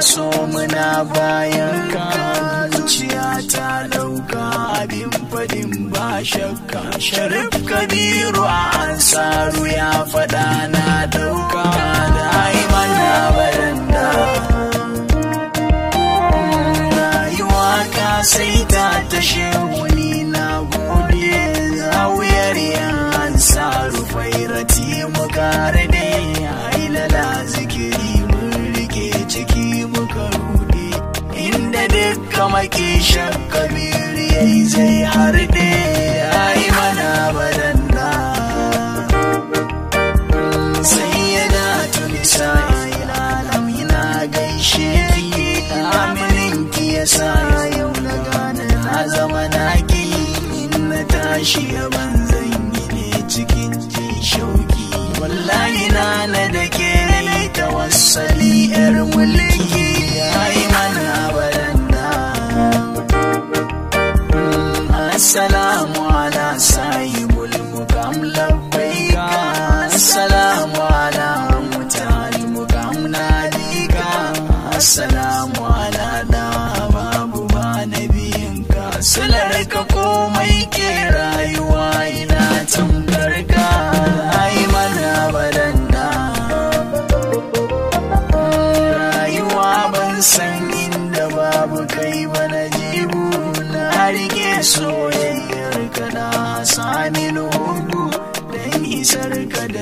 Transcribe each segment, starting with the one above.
so muna bayan ka zuciya ta dauka abin fadin ba shakka sharif kabiru a ansaru ya faɗa na ɗauka da haiman na baranda rayuwa ka sai ta tashe maki shan ya yayi zai harɗe ai mana badanda mm, sai yana tuni sai alam yana gaishe ki amirin ki sa yau na gane na zama ki in na tashi a banzan ne cikin ki shauki wallahi na na da ke tawassali yar mulki I'm loved.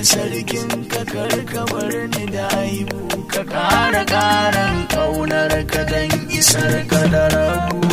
sarkin ka karkabar ni da aibu ka kara ƙaran ƙaunar ka don isar ka da rabu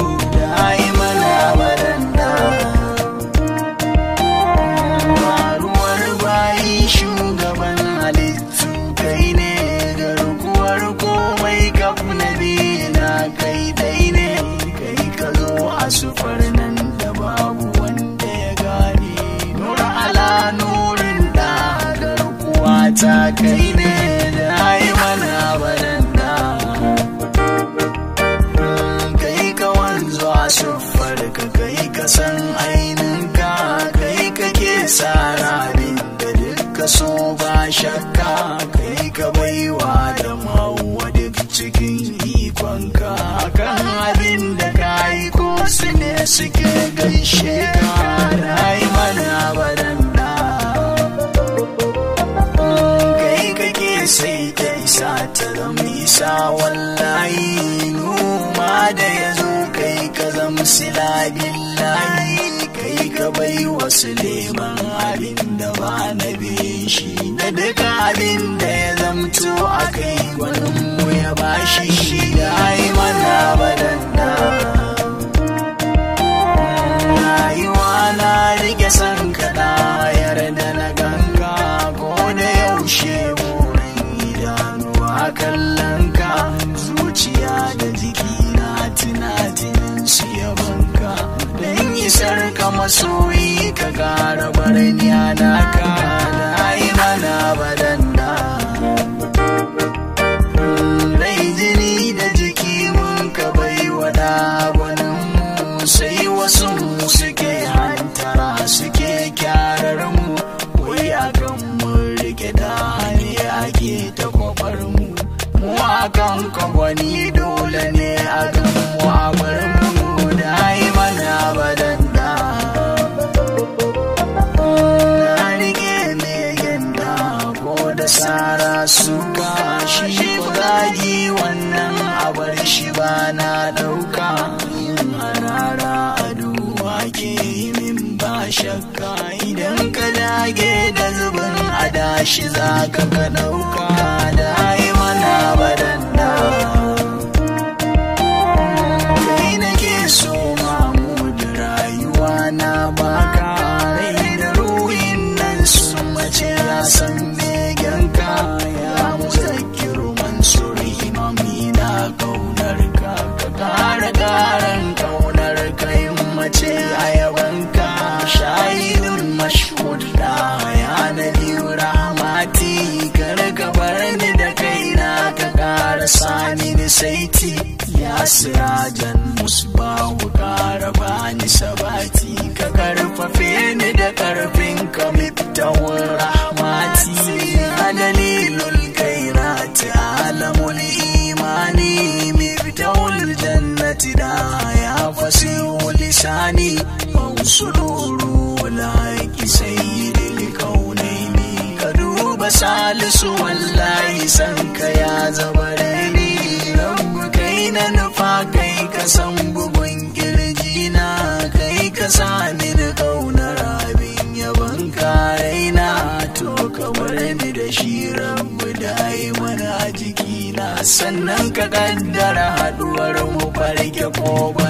isa wallahi noma da ya zo kai ka zamsi sila billahi kai ka bai wasu leman abin da ba na shi na duka abin da ya zamto a kai gwanin mu ya bashi shi da mana badanda rayuwa na rike san yarinya na ka shakka idan ka dage da zubin adashi za ka ka ɗauka da mana badan saiti ya sirajan wa kara bani sabati ka karfafe ni da karfin ka mati rahmati a dalilul ta alamul imani miftahul jannati da ya fasihu lisani mausuru laiki sayyidil kaunaini ka duba salisu wallahi sanka ya zaba Samin da ƙaunar abin yaban karaina to kamar ni da shirin mu da mana a jikina sannan ka kaddara haɗuwar mu farke ko